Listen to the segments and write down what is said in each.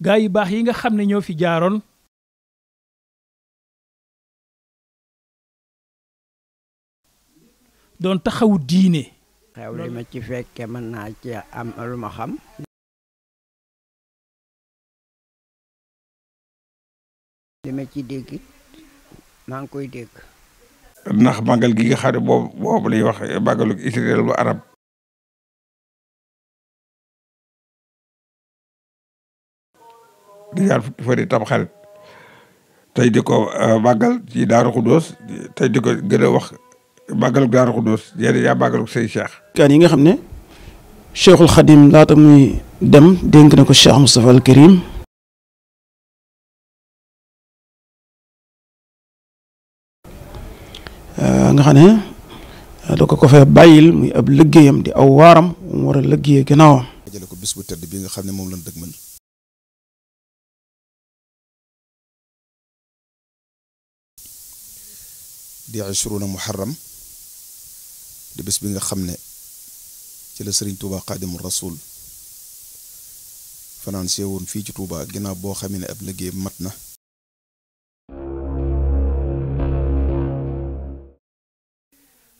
gaay yu baax yi nga xam ne ñoo fi jaaroon doon taxawu diine xew li ma ci fekke mën naa ci am lu ma xam li ma ci déggit maa ngi koy dégg ndax màggal gi nga xam ne boobu boobu lay wax màggalu israel bu arab di ñaar fukki fan tam xarit tey di ko euh, màggal ci Daaru Xuddoos tey di ko gën a wax màggalu Daaru Xuddoos yéen yaa màggalu say cheikh. kan yi nga xam ne cheikhul xadim laata muy dem dénk na ko cheikh Moustapha al Karim euh, nga xam ne euh, da ko ko fee bàyyil muy ab liggéeyam di aw waaram mu war a liggéey gannaawam. jële ko bis bu tedd bi nga xam ne moom lañ dëgmal. di ashruna muharram di bés bi nga xam ne ci la sëriñ Touba Xaadimu Rasuul fanaan seewoon fii ci Touba ginaaw boo xam ne ab liggéey mat na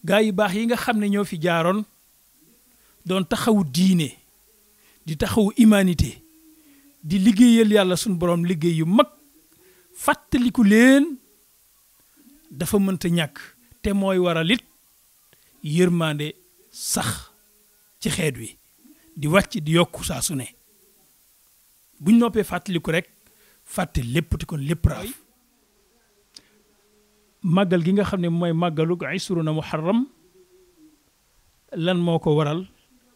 gaa yu baax yi nga xam ne ñoo fi jaaroon doon taxawu diine di taxawu humanité di liggéeyal yàlla sunu boroom liggéey yu mag fàttaliku leen dafa mënta ñàkk te mooy waral it yërmande sax ci xeet wi di wàcc di yokku saa su ne buñ noppee fàttaliku rek fàtte lépp te kon lépp raaf màggal gi nga xam ne mooy màggalu isruna muharram lan moo ko waral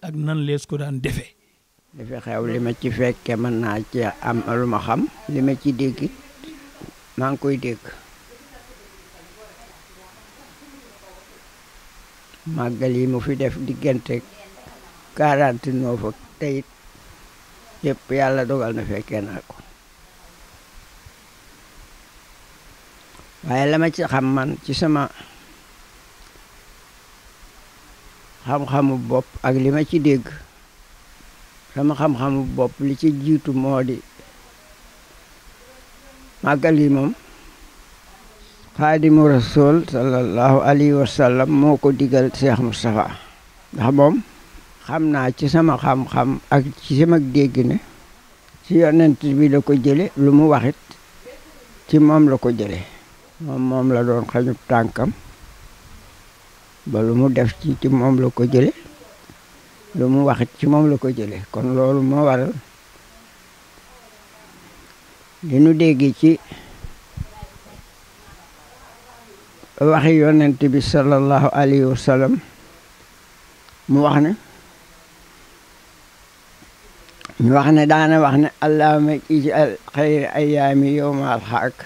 ak nan lees ko daan defee li fi xew li ma ci fekke mën naa ci am lu ma xam li ma ci dégg maa ngi koy dégg màggal yi mu fi def diggante 49 ak tey yëpp yàlla dogal na fekkee naa ko waaye la ma ci xam man ci sama xam-xamu bopp ak li ma ci dégg sama xam-xamu bopp li ci jiitu moo di màggal yi moom xaadimu rasul sallallahu alayhi wa sallam moo ko digal mu Moustapha ndax moom xam naa ci sama xam-xam ak ci sama dégg ne ci yonent bi la ko jële lu mu waxit ci moom la ko jële moom moom la doon xañub tànkam ba lu mu def ci ci moom la ko jële waxit ci moom la ko jële kon loolu moo waral li nu dégg ci waxi yonent bi sallallahu alayhi wa sallam mu wax ne ñu wax ne daana wax ne allahumma ij'al xayra ayaami yowma alxaak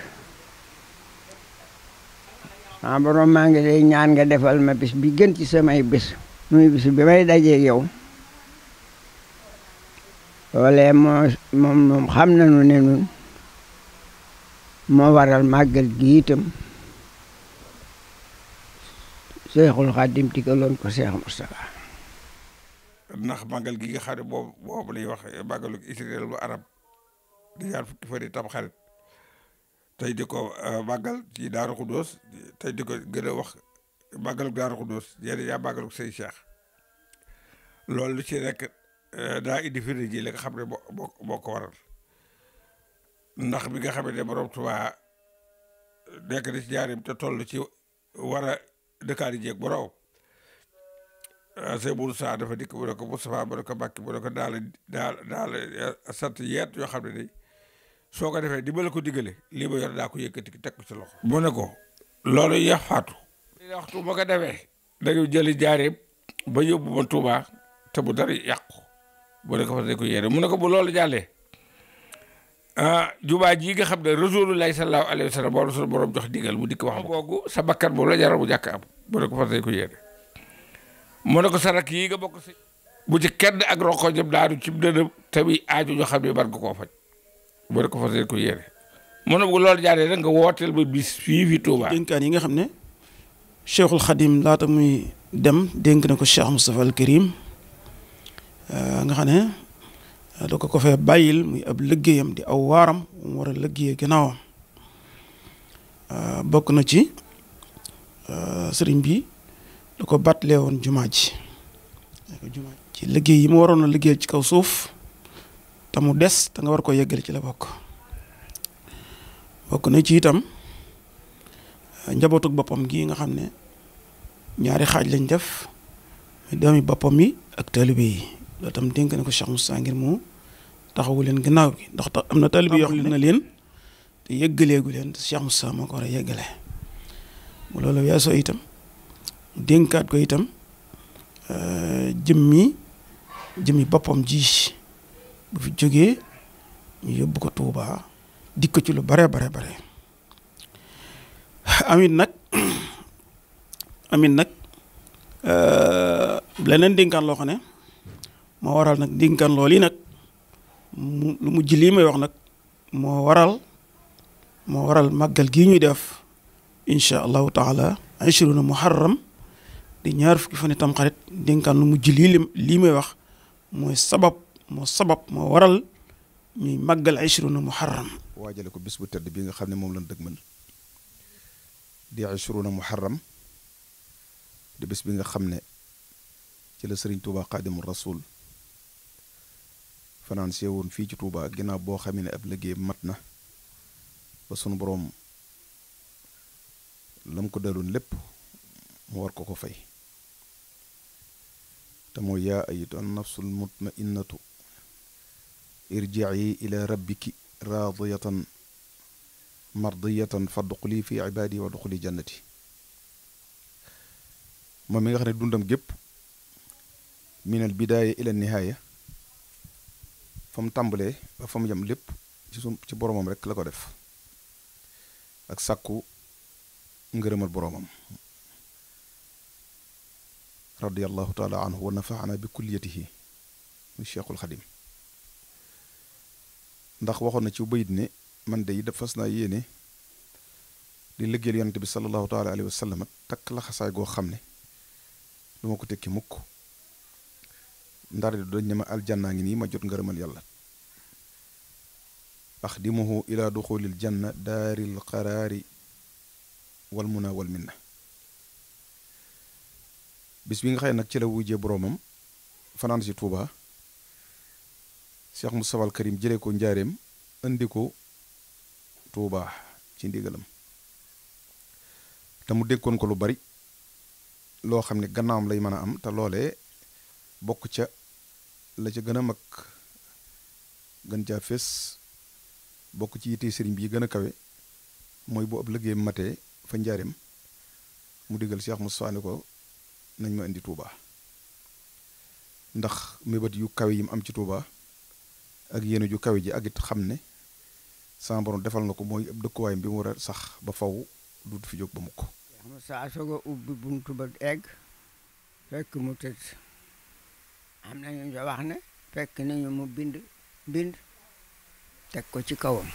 ah borom maa ngi lay ñaan nga defal ma bis bi gën ci samay bis muy bis bi may dajee yow loolee moo moom moom xam nañu ne nun moo waral màggal gi itam seexul xaadim digaloon ko seex Mustapha ndax màggal gi nga xam ne boobu boobu lay wax màggalu Israël bu arab di ñaar fukki fan yi xarit tey di ko euh, màggal ci Daaru Xudóos tey di ko gën a wax màggalu Daaru Xudóos yéen yaa màggalu say Cheikh loolu lu ci rek euh, daa indi firnde ji li nga xam ne moo moo ko waral ndax bi nga xam ne borom Tuubaa nekk na ci jaarim te toll ci war dëkkaari jeeg bu raw ah, sëñ Mourou Sarr dafa dikk mu ne ko Moustapha mu ne ko Mbacke mu ne daal daal daal eh, sant yeet yoo xam ne ni soo ko defee di ma la ko diggale lii ma yor daa ko yëkkati teg ko ci loxo. mu ne ko loolu yeex faatu. waxtu ma ko defee. da nga jëli ba yóbbu ma Touba te bu dara yàqu mu ne ko fa dañ ko mu ne ko bu loolu jàllee Ah, jubaa ji nga xam ne rasulullahi sallallahu alayhi sa sallam boo sunu borom jox digal mu dikk wax googu sa bakkan boobu la jaral mu jàkk am mu ne ko fas ko sa rak yi nga bokk si bu ci kenn ak roko jëm daanu cib dënëm tamit aaju ñoo xam ne bar koo faj mu ko fas ko yéene mu ne bu nga wooteel ba bis fii fi Touba. dénkaan yi nga xam ne Cheikhul Khadim laata muy dem dénk na ko Cheikh Moustapha al Karim ah, nga xam ne da ko ko fee bàyyil muy ab liggéeyam di aw waaram mu war a liggéeyee ginnaawam bokk na ci ah, sëriñ bi da ko bàttalee woon jumaa ji ci liggéey yi mu waroon a liggéeyal ci kaw suuf te mu des te nga war ko yeggale ci la bokk bokk na ci itam ah, njabootuk boppam gi nga xam ne ñaari xaaj lañ def muy doomi boppam yi ak taalibe yi loolu tam dénk na ko Cheikh Moussa ngir mu taxawu leen gannaaw gi ndax tax am na taalibe yoo xam ne leen te yëggaleegu leen te Cheikh Moussa moo ko war a yëggale mu loolu weesoo itam dénkaat ko itam euh, jëmmi jëmmi boppam ji bu fi jógee ñu yóbbu ko Touba dikk ci lu bare bare bare amit nag amit nag euh, leneen dénkaan loo xam ne ما ورال نك دين كان لولي نك لمو جلي ما يوغ نك ما ورال ما ورال ما قل جيني داف إن شاء الله تعالى عشرون محرم دي نعرف كيف نتام قريت دين كان لمو جلي لي ما يوغ ما السبب ما السبب ما ورال ني ماغال 20 محرم واجالكو بس بو تيرد بيغا خامني موم لا دغمل دي 20 محرم دي بس بيغا خامني تي قادم الرسول financé woon fii ci Touba ginnaaw boo xamee ne ab liggéey mat na ba sunu boroom lam ko daloon lépp mu war ko ko fay te mooy yaa ayyatu an nafsul mutmainnatu irji'i ila rabbiki raadiyatan mardiyatan fadxuli fi ibaadi wa duxuli jannati moom mi nga xam ne dundam gépp min al bidaaya nihaaya fam mu ba fam yam lépp ci su ci boromam rek la ko def ak sàkku ngeureumal boromam radiallahu taala anhu wa nafaana bi kulliyatihi mu cheikhul khadim ndax waxon na ci beuyit ne man day def fasna yene di liggeel yonante sallallahu taala alayhi wa sallam tak la xasaay go xamne duma ko tekki mukk ndar du dañ ne ma aljannaa ngi ni ma jot ngeureumal yalla akhdimuhu ila dukhulil janna daril qarari wal muna wal minna bis bi nga xey nak ci la wujje boromam musawal ci Touba Cheikh Moustapha al Karim jere ko ndiarem andi ko Touba ci ndigalam te mu ko lu bari lo xamne gannaam lay mën am ta lolé bokk ca la ca gën a mag gën caa fés bokk ci yitte sëriñ bi gën a kawe mooy bu ab liggéey matee fa njaareem mu digal Cheikh Moussa ne ko nañ ma indi Touba ndax mébét yu kawe yi mu am ci Touba ak yéene ju kawe ji ak xam ne sama defal na ko mooy ab dëkkuwaayam bi mu war a sax ba faw du fi jóg ba mukk Cheikh Moussa soog a ubbi buntu ba egg fekk mu tëj am nañu ñu wax ne fekk nañu mu bind bind teg ko ci kawam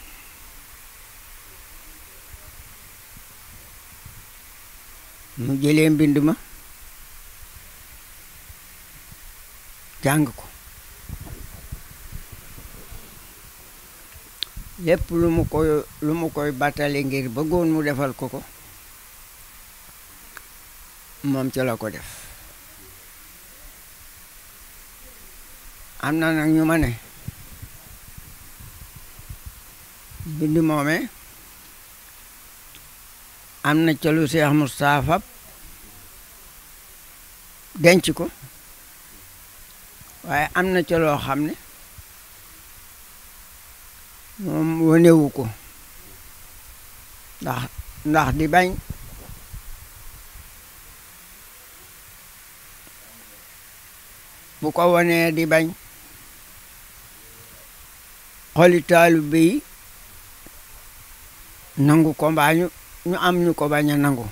mu jëlee mbind ma jàng ko lépp lu mu koy lu mu koy battale mu defal ko ko moom ci la ko def am na nag ñu ma ne am na ca lu Seex Mustafaa denc ko waaye am na ca loo xam ne moom wanewu ko ndax ndax di bañ bu ko wanee di bañ xoli taalibe yi nangu ko mbaa ñu am ñu ko bañ nangu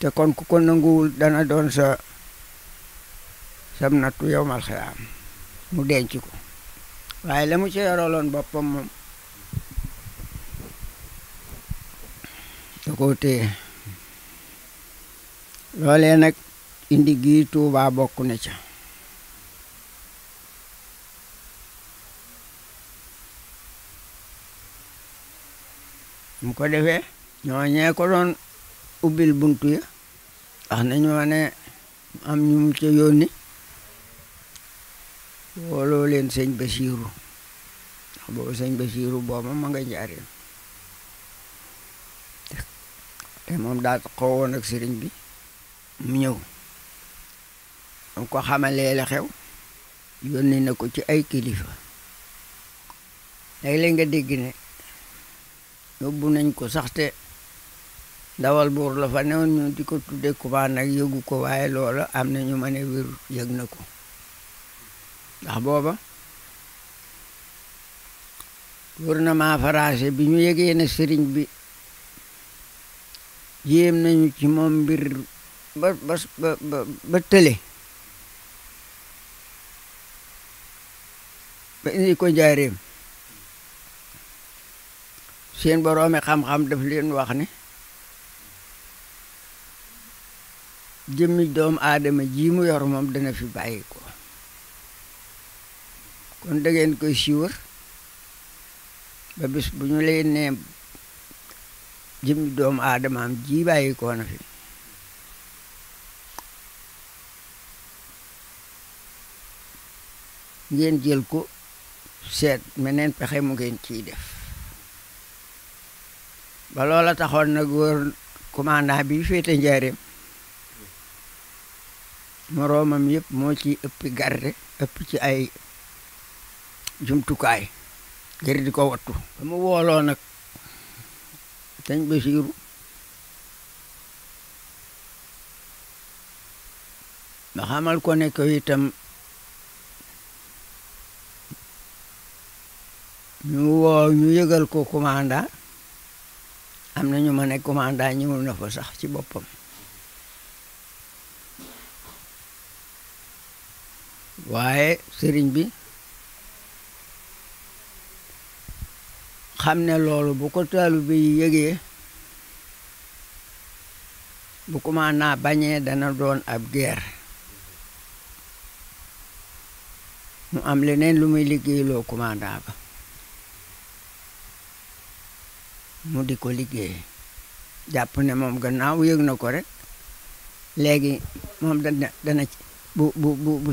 te kon ku ko nanguwul dana doon sa sam nattu yow mal xiyaam mu denc ko waaye la mu ci yoroloon boppam moom da koo téye loolee nag indi gii Tuubaa bokk na ca mu ko defee ñooñee ko doon ubbil buntu ya wax nañu ma ne am ñu mu ca yónni wooloo leen sëñ Basiiru ndax boobu sëñ Basiiru booba ma nga njaareen te moom daa xawoon ak sëriñ bi mu ñëw dam ko xamalee la xew yónni na ko ci ay kilifa léeg-léeg nga dégg yóbbu nañ ko saxte dawal buur la fa newoon ñu di ko tudde kubaa nag yëgu ko waaye loola am na ñu ma ne wér yëg na ko ndax booba gouvernement français bi ñu yëgee ne sëriñ bi yéem nañu ci moom mbir ba ba ba ba ba indi ko jaareem seen boroomi xam-xam daf leen wax ne jëmmi doom aadama ji mu yor moom dana fi bàyyi ko kon da ngeen koy siwar ba bis bu ñu lay nee jëmmi aadamaam ji bàyyi ko na fi ngeen jël ko seet meneen pexe mu ngeen ciy def ba loola taxoon nag góor commandant bi féete njaareem moroomam yëpp moo ci ëpp garde ëpp ci ay jumtukaay ngir di ko wattu mu wooloo nag sëñ Basiiru ba xamal ko ne ko ñu woo ñu yëgal ko commandant am nañu ma ne commandant ñëw na fa sax ci waaye sëriñ bi xam ne loolu bu ko taalibe yi yëgee bu commandant dana doon ab guerre mu am leneen lu muy liggéeyloo commandant ba मुडी को लिख गए जापने मम का ना उग न करे लेगी मम दना बु बु बु बु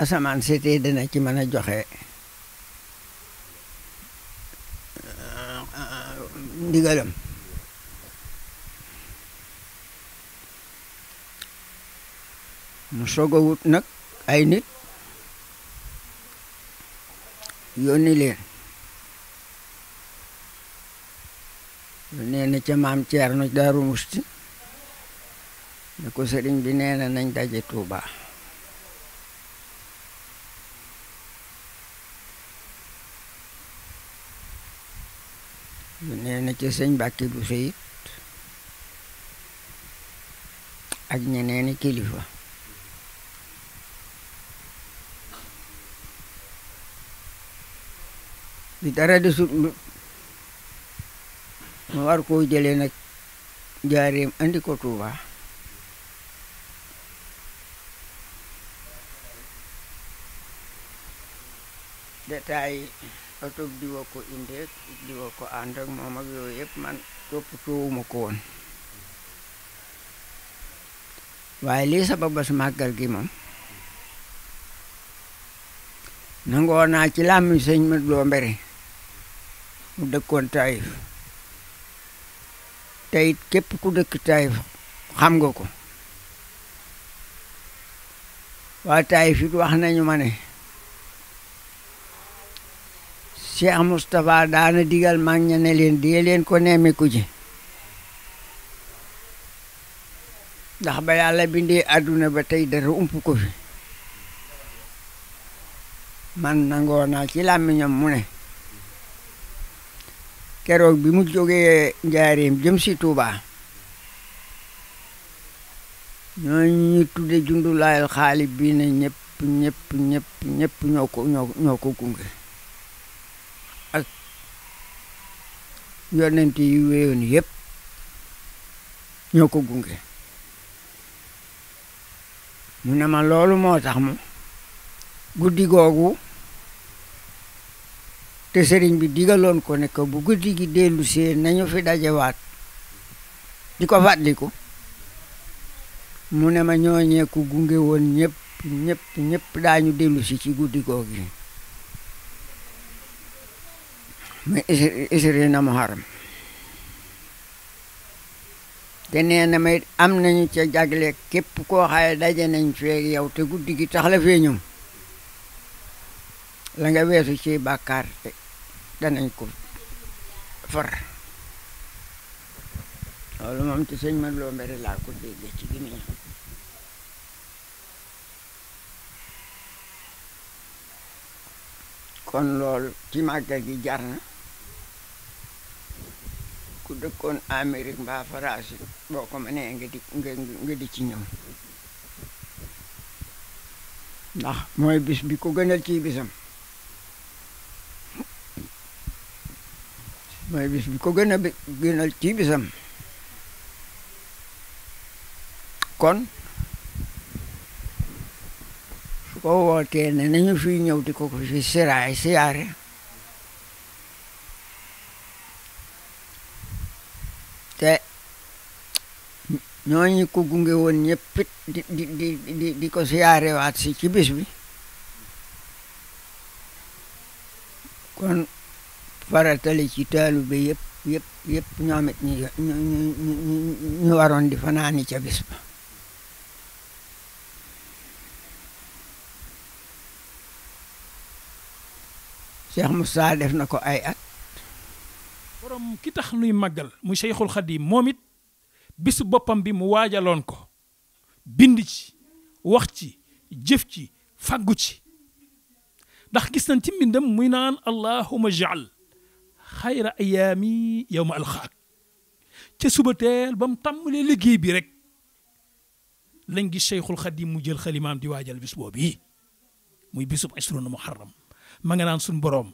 असमान से ते दना की मना जो है निगलम मुसो को आई नित योनी लेर nee na ca maam na Daaru Musti ne ko sëriñ bi nee na nañ daje Tuuba nee na ca sëñ Bàkki bu seyit ak ñeneeni kilifa bi dara desut ma war koo jëlee nag jaareem andi ko Tuuba détail oto bi diwa ko indeeg diwa ko ànd ak moom ak yooyu yëpp man toppatoowuma ko woon waaye lii sabab ba su màggal gi moom nangoo naa ci làmmiñ sëñ ma doo mbere mu dëkkoon Taayif tey képp ku dëkk Taïf xam nga ko waa fi it wax nañu ma ne Cheikh Moustapha daana digal mag ña ne leen dee leen ko nemmiku ji ndax ba yàlla bindee àdduna ba tey dara ump ko fi man nangoo naa ci làmmiñam mu ne keroog bi mu jógee njaareem jëm si Touba ñooñu ñu tudde jundulaayal xaalib bi ne ñëpp ñëpp ñëpp ñëpp ñoo ko gunge ak yonent yi wéyoon yëpp ñoo ko gunge mu ne ma loolu moo tax mu guddi googu te sëriñ bi digaloon ko ne ko bu guddi gi dellu see nañu fi dajewaat di ko fàttaliku mu ne ma ñooñee ku gunge woon ñëpp ñëpp ñëpp daañu dellu ci guddi gi mais isri na muharam te nee may am nañu ca jagle képp koo xaye daje nañ fee yow te guddi gi tax fee ñoom la nga weesu ci bàkkaar dan ikut far kalau moom ci sen man loo mbere laa ko déggee ci kon lol ci màggal gi jar na ku dëkkoon Amérique mbaa Faraas boo ko mënee nga di nga di ci ñëw ndax bis bi ko gënal bisam mooy bis ko gën a gënal ci bisam kon su ko wootee ne nañu fiy ñëw di ko fi siraay siyaare te ñooñu ko gunge woon ñëppit di di di di ko siyaarewaat si ci bis kon faratale ci taalibe yëpp yëpp yëpp ñoom it ñu ñu waroon di fanaani ca bis ba Cheikh Moussa def na ko ay at borom ki tax nuy màggal mu Cheikhul Khadim moom bisu boppam bi mu waajaloon ko bind ci wax ci jëf ci fàggu ci ndax gis nañ ci mbindam muy naan allahuma jaal xayra ayami yawma ma alxaak ca suba teel ba mu tàmbalee liggéey bi rek lañ gi Cheikhul Xadim mu jël xalimaam di waajal bis boobu yi muy bisub isrun muharram ma nga naan sun borom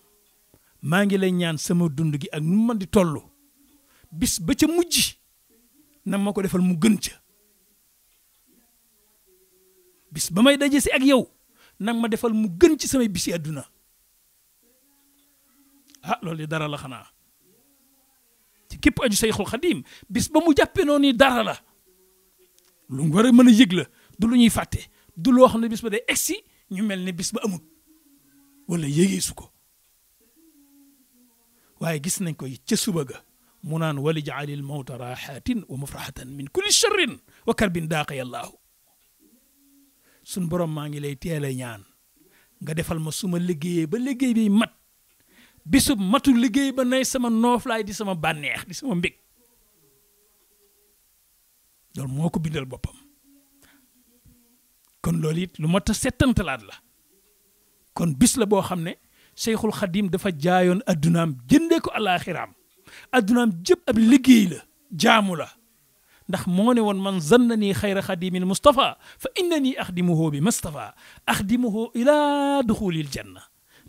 maa ngi lay ñaan sama dund gi ak nu di toll bis ba ca mujj na ma defal mu gën ca bis ba may daje si ak yow nag ma defal mu gën ci samay bisi àdduna ها لولي دارا لا خنا تي كيب اجي ساي خول خديم بيس بامو جابي نوني دارا لا لو غوري مانا ييغلا دو ني فاتي دو لو خنا بيس با دي اكسي ني ملني بيس ولا ييغي سوكو واي غيس نانكو تي سوباغا منان ولي جعل الموت راحة ومفرحة من كل شر وكرب داقي الله سن بروم ماغي لاي تيالا نيان nga defal ma suma liggéeyee ba bisub matul liggéey ba nay sama nooflaay di sama bànneex di sama mbég loolu moo ko bindal boppam kon loolu it lu mot a settantalaat la kon bis la boo xam ne Seyxul Xadim dafa jaayoon addunaam jëndee ko alaaxiraam addunaam jëpp ab liggéey la jaamu la ndax moo ne woon man zannani nii xayra xadimil Mustafa fa innani nii bi Mustafa axdimuhu ilaa duxulil janna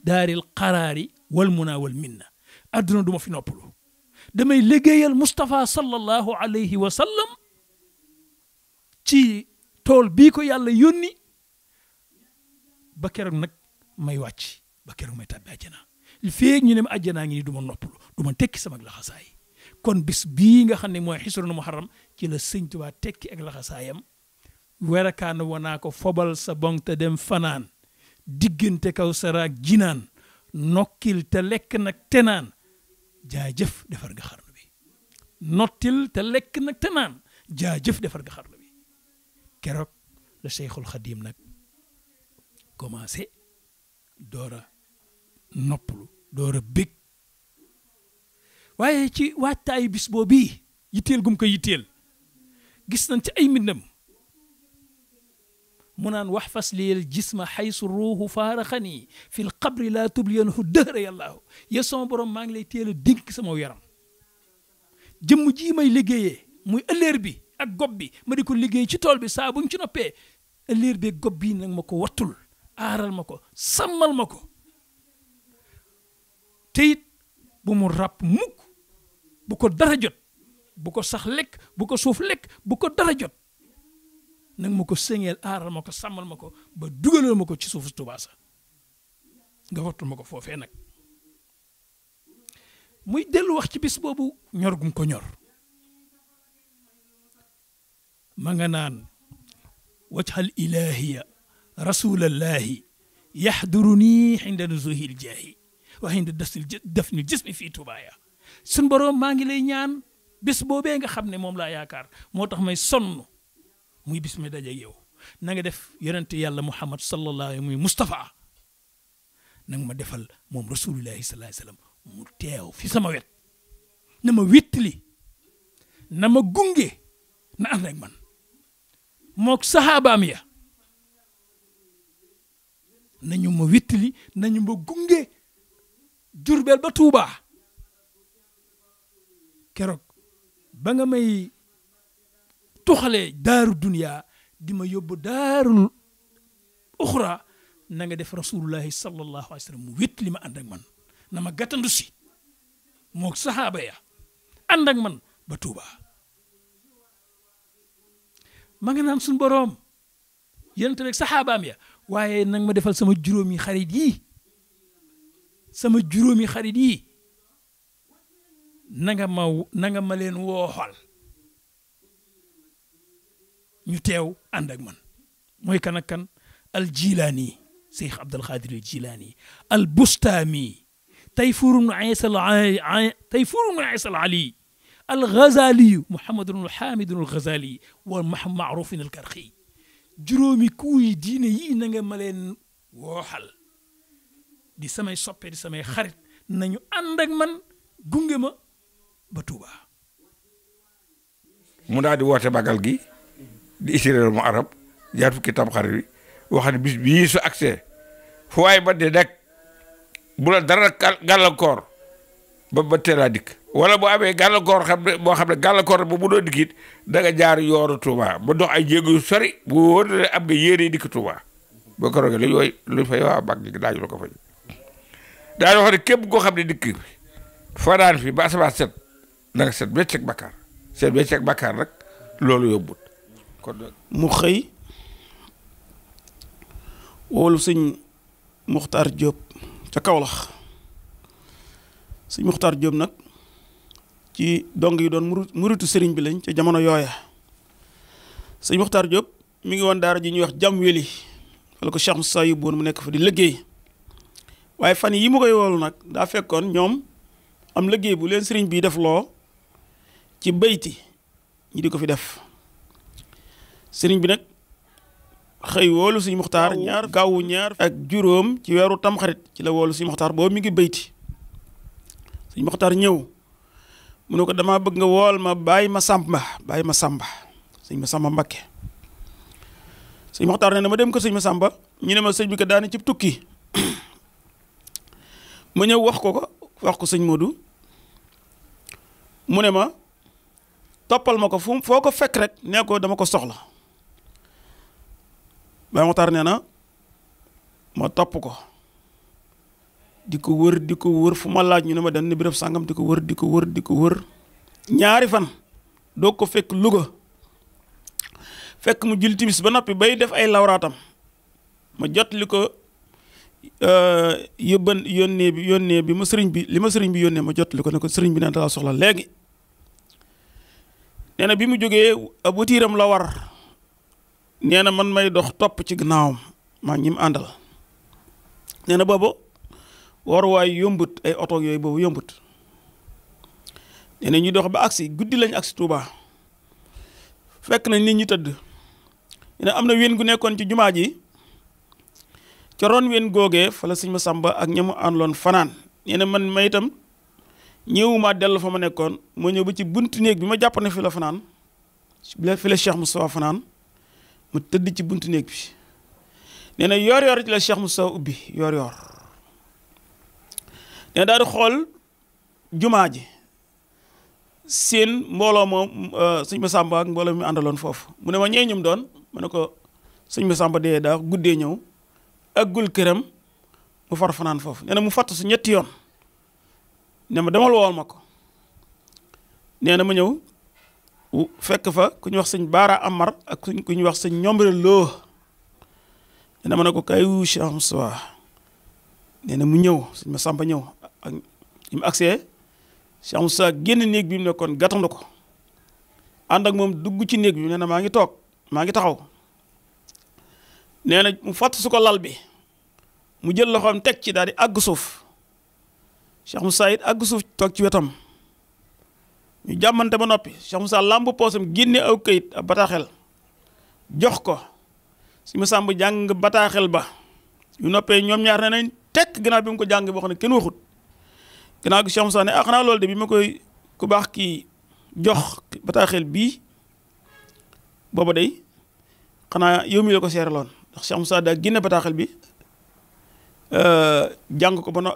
daaril qaraari والمنى والمنى أدنى دوما في نوبلو دمي لجي المصطفى صلى الله عليه وسلم تي تول بيكو يالا يوني بكر نك ما يواتي بكر ما يتابع جنا الفيق نيني أجنا نيني دوما نوبلو دوما تكي سمك لخصائي كون بس بيغا خاني مو حصر محرم كي لا سيغ توا تيكي اك لخصايام ويرا كان وناكو فوبال سا بونغ تا ديم فنان ديغنتي كاو سرا جينان nokkil te lekk nag te naan jaajëf defar nga xarnu bi nottil te lekk nag te naan jaajëf defar nga xarnu bi keroog la Seyxul Xadim nag commencé door a noppalu door a bég waaye ci waajtaayu bis boobu yitteel gum ko yitteel gis nañ ci ay mbindam mu naan wax fas liyel jisma xaysu ruuxu faaraxani fil xabri laa tubliyanhu dëhra yàllaahu yow sama borom maa ngi lay teel a dénk sama yaram jëmm jii may liggéeyee muy ëllëer bi ak gob bi ma di ko liggéey ci tool bi saa buñ ci noppee ëllëer bi ak gob bii nag ma ko wattul aaral ma ko sàmmal ma ko te it bu mu ràpp mukk bu ko dara jot bu ko sax lekk bu ko suuf lekk bu ko dara jot nag ma ko sëñeel aaral ma ko sàmmal ma ko ba dugalal ma ko ci suufu Tuubaa sa nga wattu ma ko foofee nag muy dellu wax ci bis boobu ñor gum ko ñor ma nga naan wajhal ilahiya rasulallahi yahduruni inda nuzuhil jaahi wa inda dafnil dafnil jismi fii tubaaya sun boroom maa ngi lay ñaan bis boobee nga xam ne moom laa yaakaar moo tax may sonn muy bis mi daje yow na nga def yonente yàlla muhammad sallallahu alayhi muy Moustapha na nga ma defal moom rasulullahi sallallahu alayhi sallam mu teew fi sama wet na ma wéttali na ma gunge na ànd ak man mook saxaabaam ya nañu ma wéttali nañu ma gunge jurbel ba tuubaa keroog ba nga may tuxalee daaru dunya di ma yóbbu daarul uxra na nga def rasulullahi sallallahu alayhi wa mu wit li ma ànd ak man na ma gàttandu si moog ya ànd ak man ba Tuuba ma nga naan sun boroom yent rek ak ya waaye nag ma defal sama juróomi xarit yi sama juróomi xarit yi na nga ma na nga ma leen xol ñu teew ànd ak man mooy kan ak kan al jilani Cheikh Abdul khadir al jilani al bustami Tayfur ibn Isa al Tayfur ibn al Ali al Ghazali Muhammad ibn Hamid al Ghazali wa ma'ruf al Karxi juróomi kuy diine yi na nga ma leen wooxal di samay soppe di samay xarit nañu ànd ak man gunge ma ba Tuuba mu daal di woote bagal gi di itinéraire mu arab ñaar fukki tamxar bi wax ne bii su accès fu waay ba de nag bu la dara gàllankoor ba ba teel dikk wala bu amee gàllankoor xam ne boo xam ne gàllankoor bu mënoo dikk it da nga jaar yoonu Touba ba dox ay jéego yu sori bu wóor ne am nga yéene dikk Touba boo ko rogee lu yooyu fay waa mag gi daaju la ko fay daañu wax ne képp koo xam ne dikk ba asamaan set na nga set wécceeg bakkaar set wécceeg bakkaar nag loolu yombut mu xey wolu señ muxtar job ca kawlax señ muxtar job nak ci dong yu don muritu señ bi lañ ca jamono yoya señ muxtar job mi ngi won dara ji ñu wax jam weli wala ko Cheikh Moussa yu bon mu nek fa di liggey waye fan yi mu koy wolu nak da fekkon ñom am liggey bu len señ bi def lo ci beyti ñi di ko fi def sëriñ bi nag xëy woolu suñu muxtaar ñaar gaawu ñaar ak juróom ci weeru tamxarit ci la woolu suñu muxtaar bo mi ngi bayti suñu muxtaar ñëw mu ne ko dama bëgg ma bàyyi ma samba bàyyi ma samba sëñ ma samba mbakke sëñ muxtaar ne na ma dem ko sëñ ma samba ñu ne ma sëñ bi ko daani ci tukki ma ñëw wax ko ko wax ko sëñ mu ne ma toppal ma ko fu foo ko fekk ko dama ko soxla Baye Mokhtar tar na ma top ko diko ko wër di ko wër fu laaj ñu ne ma dañ ne béréb sangam diko wër wër ñaari fan do ko fekk luga fekk mu jul timis ba nopi bay def ay lawratam ma jot liko euh yóbban yonne bi yonne bi ma sëriñ bi li ma sëriñ bi yonne ma jot liko ne ko bi na soxla legi neena bi mu joge abutiram la war nee na man may dox topp ci gannaawam maa ñi mu àndal nee na boobu waruwaay yombut ay oto yooyu boobu yombut nee na ñuy dox ba agsi guddi lañ agsi Touba fekk nañ nit ñi tëdd nee na am na wén gu nekkoon ci jumaa ji ca ween googee fa la sëñ ma sàmba ak ña mu àndaloon fanaan nee man may itam ñëwuma dellu fa ma nekkoon moo ñëw ba ci buntu néeg bi ma jàpp fi la fanaan fi la Cheikh Moustapha fanaan mu tëdd ci buntu néeg bi nee na yor-yor ci la Cheikh Moussa ubbi yor-yor nee daal di xool jumaa ji seen mbooloo moom euh, sëñ Massamba ak mbooloo mi àndaloon foofu mu ne ma ñee ñum doon ma ne ko sëñ Massamba dee daa guddee ñëw aggul këram mu far fanaan foofu nee na mu fàtt su ñetti yoon ne ma demal wool ma ko nee na ma ñëw. fekk fa ku ñuy wax sëñ Baara Amar ak ku ñuy wax sëñ Ñombre loo nee na ma ne ko kay wu Cheikh Moustapha nee na mu ñëw sëñ ma sàmpa ñëw ak ñi mu agsee génn néeg bi mu nekkoon gàttandu ko ànd ak moom dugg ci néeg bi nee na maa ngi toog maa ngi taxaw nee na mu fàtt su ko lal bi mu jël loxoom teg ci daal di àgg suuf Cheikh Moustapha it àgg suuf toog ci wetam ñu jamanté ba nopi Cheikh Moussa lamb posam génne aw kayit bataxel jox ko si moussa sàmb jang bataxel ba ñu nopé ñom ñaar ne nañ tek gannaaw bi mu ko jang bo xone kenn waxut gannaaw ko Cheikh Moussa né ah lol loolu de bi ma koy ku bax ki jox bataxel bi booba day xana yow mi la ko seeraloon ndax Cheikh Moussa da génne bataxel bi euh, jang ko ba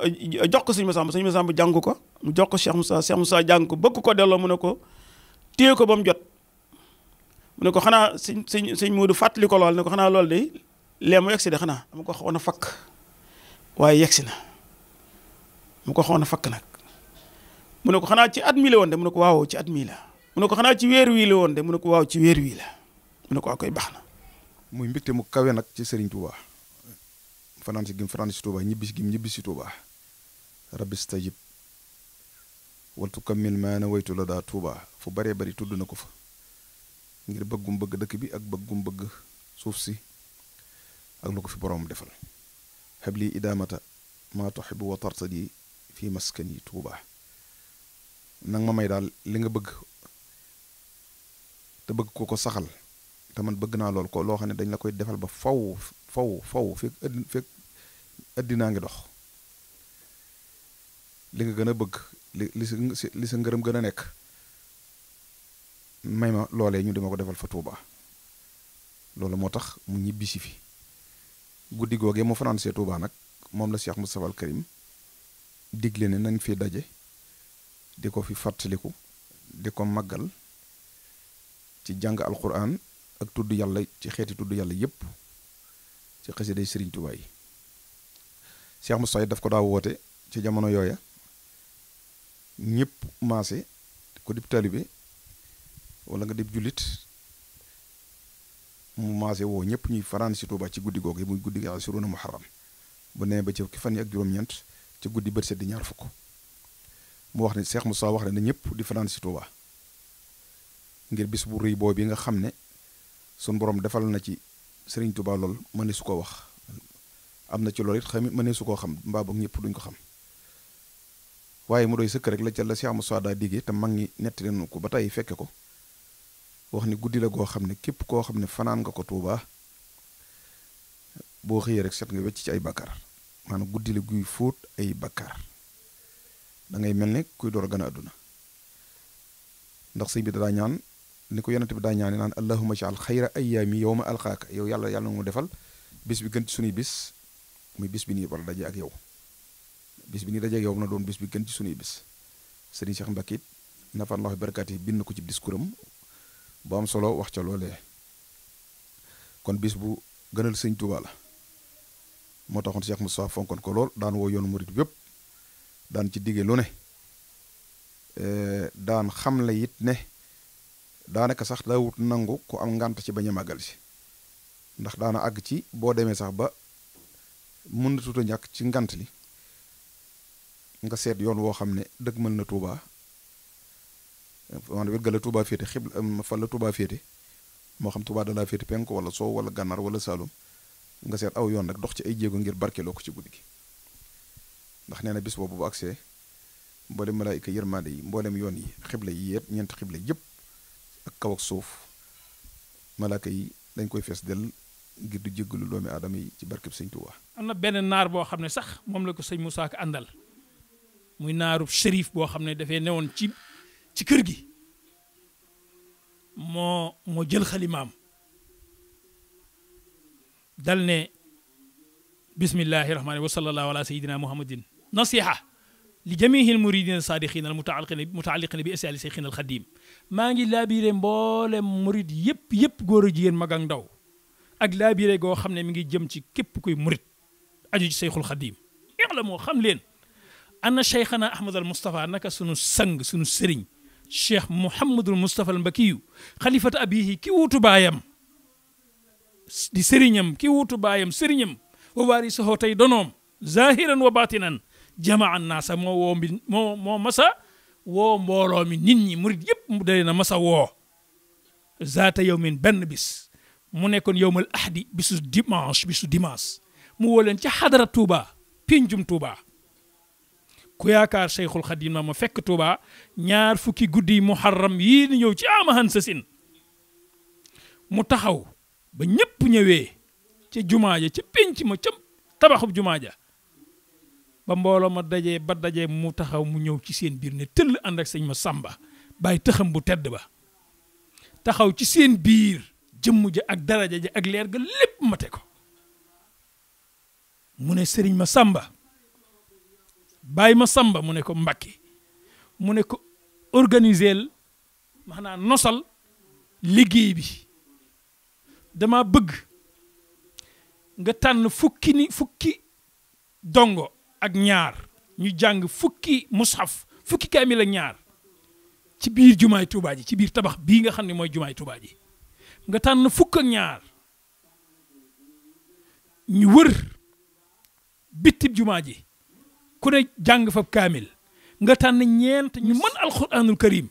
jox ko seigne moussa seigne moussa jang ko mu jox ko Cheikh Moussa Cheikh saa jàng ko bëgg ko delloo mu ne ko téye ko ba mu jot mu ne ko xanaa sëñ sëñ sëñ Moodu fàttali ko lool ne ko xanaa loolu de lee mu de xanaa dama ko xawoon a fakk waaye yegsi na mu ko xawoon na fakk nag mu ne ko xanaa ci at mii woon de mu ne ko waaw ci at mii la mu ne ko xanaa ci weer wii woon de mu ne ko waaw ci weer wii la mu ne ko waaw koy baax na muy mbégte mu kawe nag ci Serigne Touba fanaan si gim fanaan si Touba ñibbi si gim ñibbi si waltu kammil maana waytu la daa tuubaa fu baree bari tudd na ko fa ngir bëggum bëgg dëkk bi ak bëggum bëgg suuf si ak lu ko fi boroom defal xabli idaamata maa tuxibu wa tartadi fi maskan yi tuubaa nag ma may daal li nga bëgg te bëgg ko ko saxal te man bëgg naa lool ko loo xam ne dañ la koy defal ba faw faw faw fekk ëdd fekk ëddinaa ngi dox li nga gën a bëgg li li sa nek sa ngërëm lo a ma ñu dima ko defal fa Touba loolu motax mu ñibbi ci fi guddi goge mo fanaan see Touba nak mom la Cheikh Moustapha al Karim diglé né nañ fi daje di fi fàttaliku di ko ci jang alquran ak tuddu yalla ci xeeti tuddu yalla yépp ci xasida day Serigne Touba yi Cheikh Moustapha daf ko da wote ci jamono yoyaa ñëpp maase ko dib taalibe wala nga dib jullit mu maase woo ñëpp ñuy fanaan si Tuuba ci guddi googu muy guddi asiruna muharram bu nee ba ci fukki fan yi ak juróom-ñeent guddi bët set ñaar fukk mu wax ne Cheikh Moussa wax na ñëpp di fanaan si ngir bis bu nga xam ne sun borom defal na ci Sëriñ Tuuba lool mëne su ko wax am na ci loolu it xam mëne su koo xam mbaa boog ñëpp duñ ko xam waaye mu doy sëkk rek la ca la Cheikh Moussa daa diggee te mag ñi netti nañu ko ba tey fekke ko wax ni guddi la goo xam ne képp koo xam ne fanaan nga ko Tuubaa boo xëyee rek set nga wecc ci ay bakkar maanaam guddi la guy fóot ay bakkar da ngay mel ne kuy door gën a àdduna ndax sëñ bi daa ñaan ni ko yonent bi daa ñaan naan allahumma jaal xayra ayami yawma alqaaka yow yàlla yàlla na mu defal bis bi gën ci bis muy bis bi nii war daje ak yow bis bi ni dajé yow na doon bis bi gën ci suñu bis sëriñ Cheikh mbakit nafan nafaan la wax barakaat ko ci discours am am solo wax ca lolé kon bis bu gënal sëriñ touba la mo taxon Cheikh kon fonkoon ko woyon daan wo yoonu mouride bëpp daan ci diggé lu ne daan xamle it ne daanaka sax daa wut nangu ku am ngant ci baña magal ci si ndax daana ag ci bo démé sax ba mënatut a ñak ci ngant li nga seet yoon woo xam ne dëgg mën na Touba maanaam wet la Touba féete xib fan la Touba féete moo xam Touba dalaa féete penku wala soow wala gànnaar wala Saalum nga seet aw yoon nag dox ci ay jéego ngir barkeloo ko ci guddi gi ndax nee na bis boobu bu agsee mboolem malaayika yërmande yi mboolem yoon yi xibla yi yépp ñeenti xibla yépp ak kaw ak suuf malaaka yi dañ koy fees dell ngir du jéggalu doomi aadama yi ci barkeb sëñ Touba. am na muy naarub shérif boo xam ne dafay newoon ci ci kër gi moo moo jël xalimaam dal ne bismillahi rahmaani wa sallallahu ala sayidina muhammadin nasiha li jamihi al muridin sadiqin al mutaalliqin mutaalliqin bi asali seyxina al khadim maa ngi laabire mboole murid yëpp yëpp góor jigen jigéen mag ak ndaw ak laabire goo xam ne mi ngi jëm ci képp kuy murid aju ci seyxul khadim yàlla xam len ana cheikhana ahmad al moustapha naka sunu sang sunu sëriñ cheikh mouhamadul moustapha al mbakiyu xalifata abihi ki wuutu baayam di sëriñam ki wuutu baayam sëriñam wa waarisahu tey donoom zahiran wa batinan jamaa naasa moo moo masa woo mbooloo mi nit ñi murit mu dalee na masa woo zaata yow min benn bis mu nekkoon yowmal ahdi bisu dimanche bisu dimanche mu woo leen ca xadara Touba ku yaakaar Cheikhul Khadim na ma fekk Touba ñaar fukki guddi muharram yii di ñëw ci amahan sa mu taxaw ba ñëpp ñëwee ca jumaa ja ca pénc ma ca tabaxub jumaa ja ba mbooloo ma dajee ba dajee mu taxaw mu ñëw ci seen biir ne tëll ànd ak sëñ ma sàmba bàyyi tëxam bu tedd ba taxaw ci seen biir jëmm ja ak daraja ja ak leer ga lépp mate ko mu ne sëriñ ma sàmba bàyyi ma samba mu ne ko mbakki mu ne ko organiseel maanaam nosal liggéey bi dama bëgg nga tànn fukki ni fukki dongo ak ñaar ñu jàng fukki mushaf fukki kaamil la ñaar ci biir jumaay Tuubaa ji ci biir tabax bii nga xam ni mooy jumaay Tuubaa ji nga tànn fukk ak ñaar ñu wër bittib jumaa ji ku ne jàng fa kaamil nga tànn ñeent ñu mën alxuraanul karim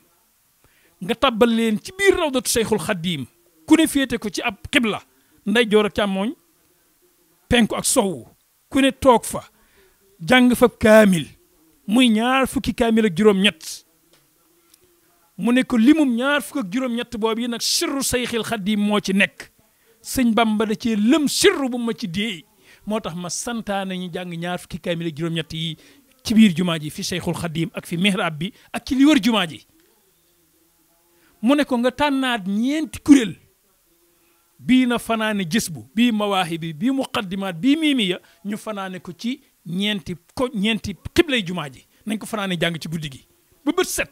nga tabbal leen ci biir rawdatu seyxul xaddiim ku ne féete ko ci ab xibla nday joor ak càmmooñ penku ak sowu ku ne toog fa jàng fa kaamil muy ñaar fukki kaamil ak juróom-ñett mu ne ko limum ñaar fukk ak juróom-ñett boobu yi nag sirru seyxil xaddiim moo ci nekk sëñ bamba da cee lëm sirru bu ma ci déey moo tax ma santaane ñu jàng ñaar fukki kaamil ak juróom-ñett yi ci biir jumaa ji fi Cheikhul Khadim ak fi mihrab bi ak ci li wër jumaa ji mu ne ko nga tànnaat ñeenti kuréel bii na fanaane jës bu bii mawaahi bi bii muqaddimaat bii miimiya ñu fanaane ko ci ñeenti ko ñeenti xiblay jumaa ji nañ ko fanaane jàng ci guddi gi ba set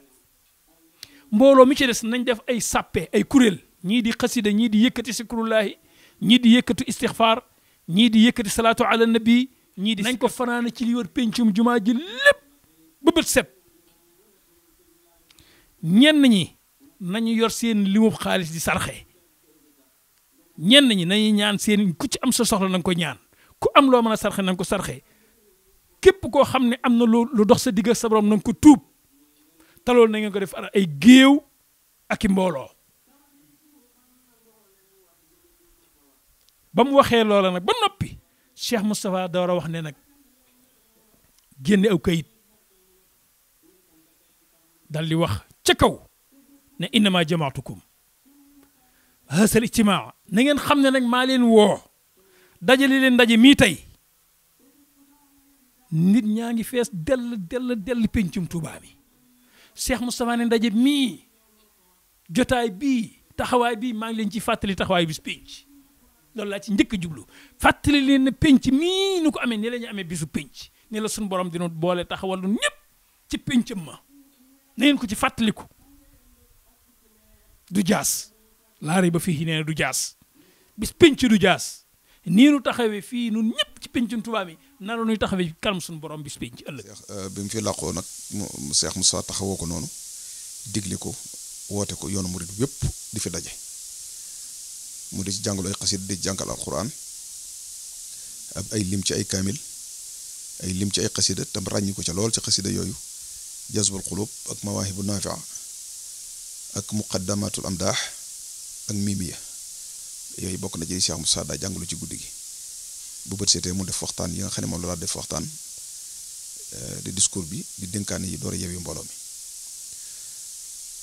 mbooloo mi ci des nañ def ay sàppe ay kuréel ñii di xasida ñii di yëkkati sikrullaahi ñii di yëkkatu istixfaar ñii di yëkkati salaatu ala nabi ñii di nañ ko fanaana ci li wër pencum jumaa ji lépp ba set ñenn ñi nañu yor seen limub xaalis di sarxe ñenn ñi nañu ñaan seen ku ci am sa soxla na nga ko ñaan ku am loo mën a sarxe na ko sarxe képp koo xam ne am na lu dox sa digg sa borom na ko tuub te loolu na ngeen ko def ay géew ak i mbooloo ba mu waxee loola nag ba noppi Cheikh mustapha door a wax ne nag génne aw kayit dal di wax ca kaw ne innama jamaatukum hasal ijtimaa na ngeen xam ne nag maa leen woo dajali leen ndaje mii tey nit ñaa ngi fees dell dell dell pencum Tuubaa bi Cheikh mustapha ne ndaje mii jotaay bii taxawaay bii maa ngi leen ci fàttali taxawaay bis penc loolu laa ci njëkk a jublu fàttali leen ne penc mii nu ko amee ni la amee bisu penc ni la suñu borom dina boole taxawal lu ñëpp ci pencam ma na ngeen ko ci fàttaliku du jaas laare ba fii nee na du jaas bis penc du jaas ni nu taxawee fii nun ñëpp ci pencum Tuubaa mi nanu nuy taxawee kanam suñu borom bis penc ëllëg. Euh, bi mu fi làqoo nag mu Seex Musaa taxawoo ko noonu digle ko woote ko yoonu murid yépp di fi daje. مودي جانغلو اي قصيده دي القران اب اي ليم اي كامل اي ليم اي قصيده تام راغنيكو تقصيدة يو تي قصيده يويو جذب القلوب اك مواهب النافعه اك مقدمات الامداح اك ميميه يوي بوك نجي شيخ موسى دا جانغلو تي غودي بو بوت سيتي مو ديف وقتان ييغا خاني دي ديسكور بي دي دنكان يي دور يوي مبولوم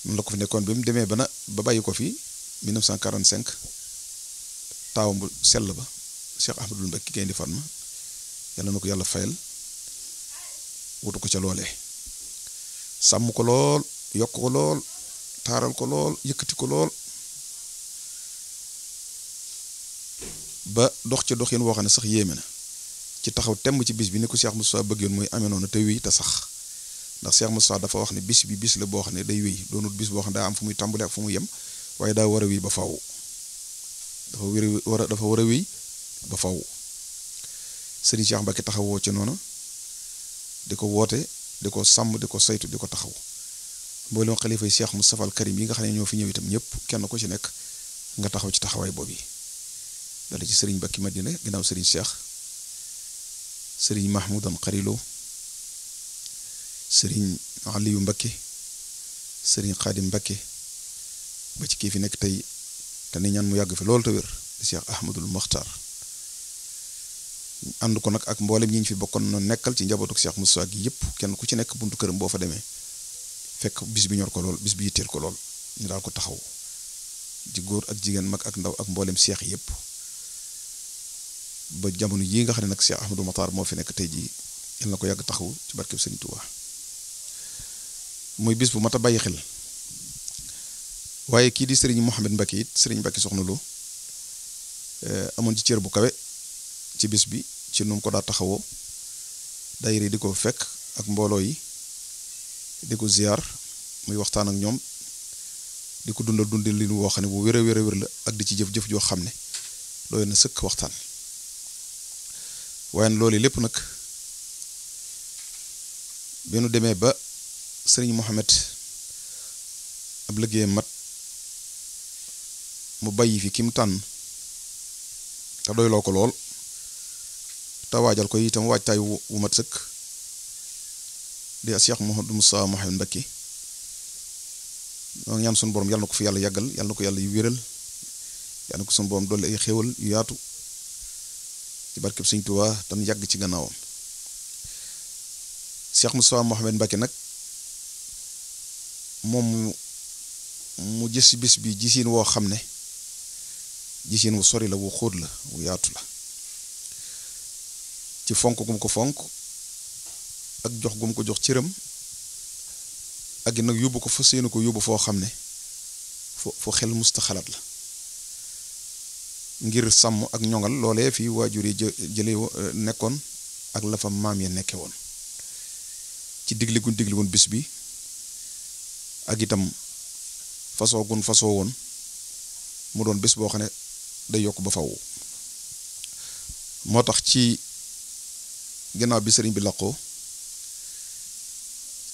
من لاكو في نيكون بيم ديمي بنا با بايكو 1945 taawam bu sell ba du Ahmadul Mbacke Gaynde Fatma yàlla na ko yàlla fayal wutu ko ca loolee sàmm ko lool yokk ko lool taaral ko lool yëkkati ko lool ba dox ci dox yéen woo xam ne sax yéeme na ci taxaw temb ci bis bi ni ko Cheikh Moussa bëgg yoon mooy amee noonu te wéy te sax ndax Cheikh Moussa dafa wax ne bis bi bis la boo xam ne day wéy doonul bis boo xam ne daa am fu muy tàmbalee ak fu muy yem waaye daa war a wéy ba faaw. dafa wér war a dafa war a wéy ba faw sëriñ Cheikh Mbacke taxawoo ci noonu di ko woote di ko sàmm di ko saytu di ko taxaw mboolem xalifa yi Cheikh mu al Karim yi nga xam ne ñoo fi ñëw itam ñëpp kenn ko ci nekk nga taxaw ci taxawaay boobu yi dala ci sëriñ Mbacke Madina ginnaaw sëriñ Cheikh sëriñ Mahmoudan Xarilo sëriñ Aliou mbakki sëriñ Xaadim Mbacke ba ci kii fi nekk tey te ñaan mu yàgg fi loolu te wér di Cheikh Ahmadul Mokhtar ànd ko nag ak mboolem ñi ñu fi bokkoon na nekkal ci njabootu Cheikh Moussa gi yëpp kenn ku ci nekk buntu këram boo fa demee fekk bis bi ñor ko lool bis bi yitteel ko lool ñu daal ko taxaw di góor ak jigéen mag ak ndaw ak mboolem seex yëpp ba jamono yii nga xam ne nag Cheikh Ahmadul Mokhtar moo fi nekk tey jii yal ko yàgg taxaw ci barkeb Sëriñ Tuubaa muy bis bu mat a bàyyi xel. waaye kii di Serigne Mouhamed mbakki it Serigne Mbacke soxna Lo eh, amoon ci cër bu kawe ci bis bi ci nu ko daa taxawoo daayira di ko fekk ak mbooloo yi di ko ziar muy waxtaan ak ñoom di ko dundal dundal li woo xam ne bu wér a wér la ak di ci jëf-jëf joo xam ne doy na sëkk waxtaan waaye loolu lépp nag bi nu demee ba sëriñ Mouhamed ab liggéeyam mat. mu bàyyi fi kim tànn te doyloo ko lool te waajal ko itam waajtaay wu mat sëkk di Cheikh Mouhamadou Moussa Mouhamed Mbacké ñoo ko fi yàlla yàggal yal ko yàlla yu wéral yal na ko sunu yaatu ci barkeb Sëñ yàgg ci gannaawam Cheikh Moussa Mouhamed Mbacké nag moom mu gis bis bi gisiin woo xam ne gis wu sori la wu xóot la wu yaatu la ci fonk gum ko fonk ak jox gum ko jox cëram ak nag yóbbu ko fa séenu ko yóbbu foo xam ne fo foo xel musta xalaat la ngir sàmm ak ñoŋal loolee fii waajur yi jële eh, nekkoon ak la fa maam yi nekke woon ci digle guñ digle woon bis bi ak itam fasoo gun fasoo woon mu doon bis boo xam ne day yokk ba faw moo tax ci ginnaaw bi sëriñ bi làqoo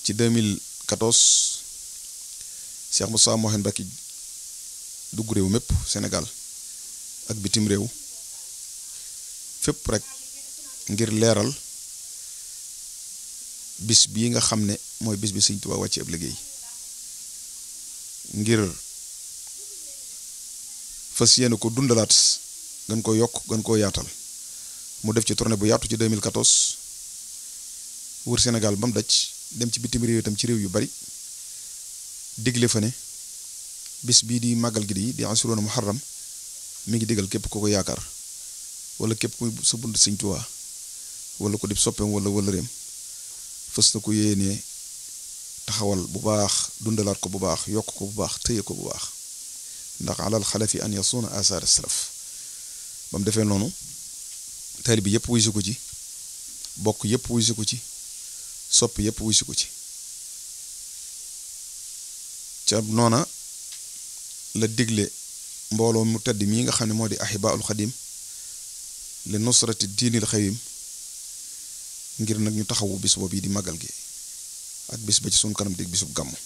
ci 2014 Cheikh Moussa Mohamed Mbacké dugg réew mépp senegal ak bitim réew fépp rekk ngir leeral bis bii nga xam ne mooy bis bi sëriñ Tuubaa wàcce ab liggéey ngir fas yéene ko dundalaat gën ko yokk gën koo yaatal mu def ci tournée bu yaatu ci mil 2014 wër senegal ba mu daj dem ci bitim réew itam ci réew yu bari digle fa ne bis bii di màggal gi di di asroona muharram mi ngi digal képp ko ko yaakaar walla képp ku sa bunt Sëñ Tuubaa wala ko di soppeem wala wala réem fës na ko yéenee taxawal bu baax dundalaat ko bu baax yokk ko bu baax tëye ko bu baax ndax alal xalafi an yasuuna asaar salaf ba mu defee noonu tali bi yëpp wuy si ci bokk yëpp wuy si ci sopp yëpp wuy si ko ci ca noona la digle mbooloo mu tedd mii nga xam ne moo di ahibaul xadim li nusrati diinil xawim ngir nag ñu taxawu bis boobu yi di màggal gi ak bis ba ci sunu kanam dégg bisub gàmmu